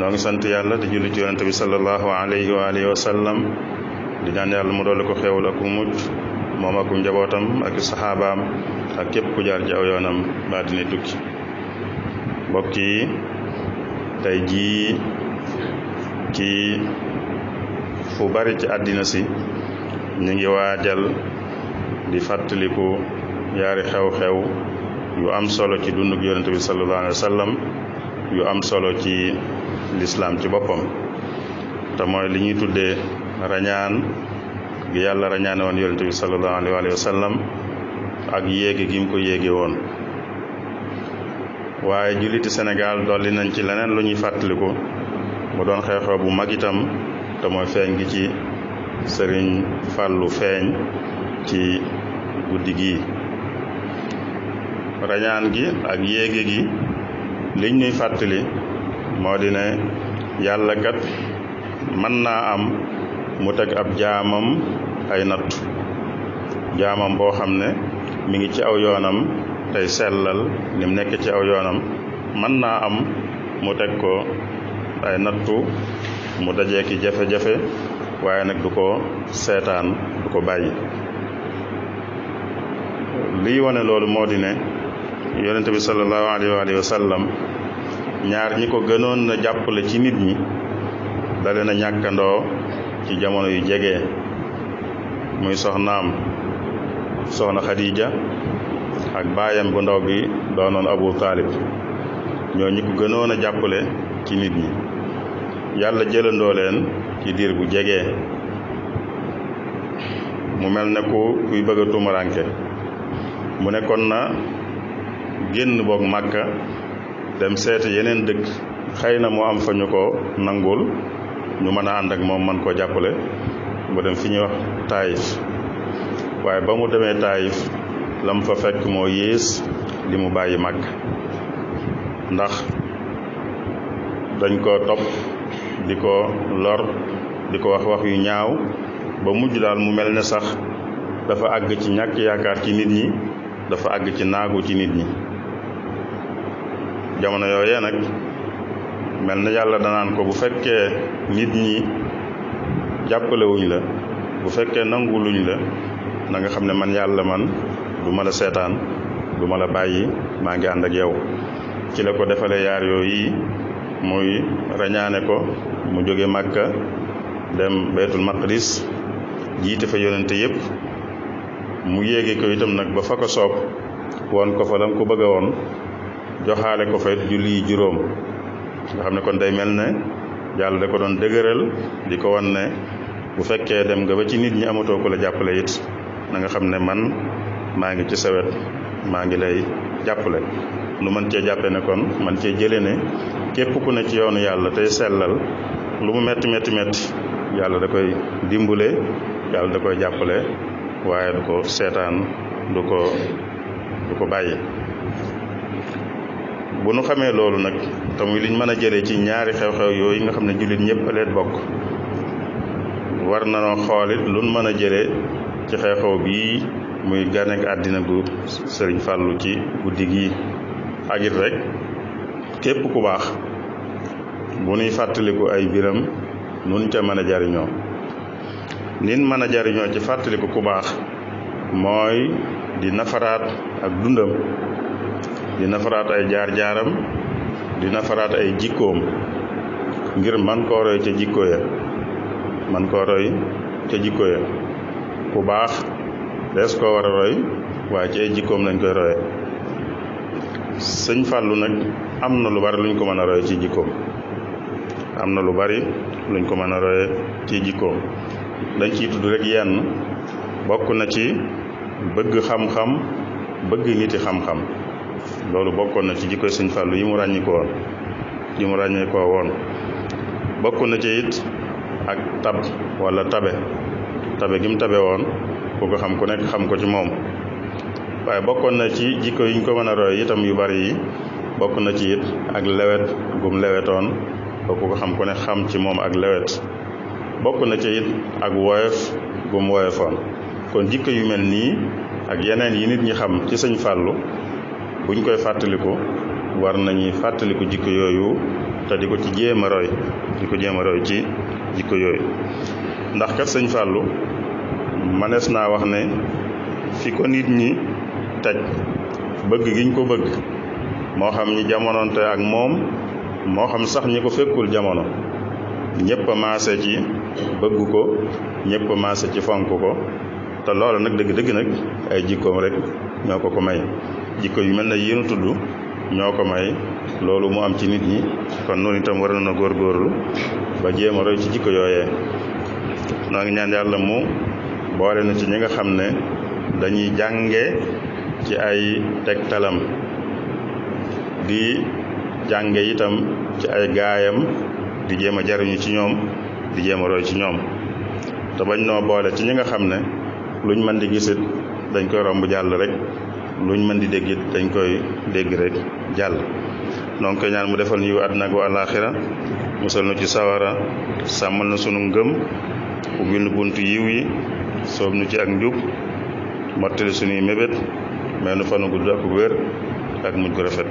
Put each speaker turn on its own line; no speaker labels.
ñoo ngi sant yàlla di julli ci yonente bi salallahu alayhi wa alihi wa sallam di ñaan yàlla mu dolli ko xewul ak mujj moom ak njabootam ak sahabaam ak képp ku jaar ci aw yoonam baa dina tukki mbokk yi tey jii ci fu bari ci àddina si ñu ngi waajal di fàttaliku yaari xew-xew yu am solo ci dund gi yonente bi salallahu alihi wa sallam yu am solo ci l'islam ci boppam te mooy li ñuy tuddee rañaan gi yàlla rañaane woon yonente bi salallahu alayhi walihi wa sallam ak yéegi gi mu ko yéegi woon waaye juliti sénégal dolli nañ ci leneen lu ñuy fàttaliku mu doon xeexoo bu mag itam te mooy feeñ gi ci sëriñ fàllu feeñ ci guddi gii rañaan gi ak yéege gi liñ ñuy fàttali moo di ne yàlla kat mën naa am mu teg ab jaamam ay nattu jaamam boo xam ne mi ngi ci aw yoonam tey sellal ni mu nekk ci aw yoonam mën naa am mu teg ko ay nattu mu dajee ki jafe-jafe waaye nag du ko seetaan du ko bàyyi liy wane loolu moo di ne yonente bi salallahu alayhi wa alihi wa sallam ñaar ñi ko gënoon na jàppale ci nit ñi dale na ñàkkandoo ci jamono yu jege muy soxnaam soxna Khadija ak baayam bu ndaw bi doonoon Abu Taalib ñoo ñi ko gënoon a jàppale ci nit ñi yàlla jëlandoo leen ci diir bu jege mu mel ne ko kuy bëgg a tumuranke mu nekkoon na génn boog màkka dem seeti yeneen dëkk xëy na mu am fa ñu ko nangul ñu mën a ànd ak moom mën koo jàppale mu dem fi ñuy wax taayif waaye ba mu demee taayif la mu fa fekk moo yées li mu bàyyi màgg ndax dañ ko topp di ko lor di ko wax wax yu ñaaw ba mujj daal mu mel ne sax dafa àgg ci ñàkk yaakaar ci nit ñi dafa àgg ci naagu ci nit ñi jamono yooyee nag mel na yàlla danaan ko bu fekkee nit ñi jàppalewuñ la bu fekkee nangu luñ la nanga xam ne man yàlla man du ma la seetaan du ma la bàyyi maa ngi ànd yow ci la ko defalee yaar yoo yi muy rañaane ko mu jóge màkka dem baytul maqdis jiite fa yonente yépp mu yéege ko itam nag ba fa ko soob woon ko fa lam ko bëgg woon joxaale ko fa julli juróom nga xam ne kon day mel ne yàlla da ko doon dëgëral di ko wan ne bu fekkee dem nga ba ci nit ñi amatoo ko la jàppale it na nga xam ne man maa ngi ci sewet maa ngi lay jàppale lu mën cee jàppe ne kon cee jële ne képp ku ne ci yoonu yàlla tey sellal lu mu metti metti metti yàlla da koy dimbale yàlla da koy jàppale waaye du ko seetaan du ko du ko bàyyi bu nu xamee loolu nag te muy liñ mën a jëlee ci ñaari xew-xew yooyu nga xam ne jullit ñëpp a bokk war nanoo xoolit luñ mën a jëlee ci xew-xew bii muy ganek àddina gu sëriñ fàllu ci guddi gii ak it rek képp ku baax bu nuy fàttaliku ay biram nun ca mën a jariñoo nin mën a jariñoo ci fàttaliku ku baax mooy di nafaraat ak dundam dina faraat ay jaar-jaaram dina faraat ay jikkoom ngir man koo roy ca jikko man koo roy ca jikko ku baax des koo war a roy waaye ci ay jikkoom lañ koy roye sëñ fàllu nag am na lu bari luñ ko mën a roye am na lu bari luñ ko mën a roye ci jikkoom dañ ci tudd rek yenn bokk na ci bëgg xam-xam bëgg niti xam-xam loolu bokkoon na ci jikko sëñ fàllu yi mu ràññikoo woon yi mu ràññikoo woon bokk na ci it ak tab walla tabe tabe gi mu tabe woon ku xam ku nekk xam ko ci moom waaye bokkoon na ci jikko yi ko mën a roy itam yu bari yi bokk na ci ak lewet gum lewetoon ku ko ne xam ci moom ak lewet bokk na ci it ak woyof gum woyofoon kon jikko yu mel nii ak yeneen yi nit ñi xam ci sëñ fàllu buñ koy fàttaliku war nañuy fàttaliku jikko yooyu te di ko ci jéem a roy di ko jéem a ci jikko yooyu ndax kat sëñ Fallou manees naa wax ne fi ko nit ñi taj bëgg giñ ko bëgg moo xam ñi jamononte ak moom moo xam sax ñi ko fekkul jamono ñëpp a maase ci bëgg ko ñëpp a maase ci fonk ko te loolu nag dëgg-dëgg nag ay jikkoom rek ñoo ko ko may jikko yu mel na yéenu tudd ñoo ko may loolu mu am ci nit ñi kon noonu itam war na góorgóorlu ba jéem a roy ci jikko yooyee noo ngi ñaan yàlla mu boole na ci ñi nga xam ne dañuy jànge ci ay tegtalam di jànge itam ci ay gaayam di jéem a jariñu ci ñoom di jéem a roy ci ñoom te bañ noo boole ci ñi nga xam ne luñ mën di gisit dañ koy romb jàll rek luñ mën di dégg dañ koy dégg rek jàll donc koy ñaan mu defal ñu àdduna ak àllaaxira musal nu ci sawara sàmmal na sunu ngëm ubbil nu buntu yiw yi soob nu ci ak njub mottali sunuy mébét may nu fanu gudd ak wér ak mujj rafet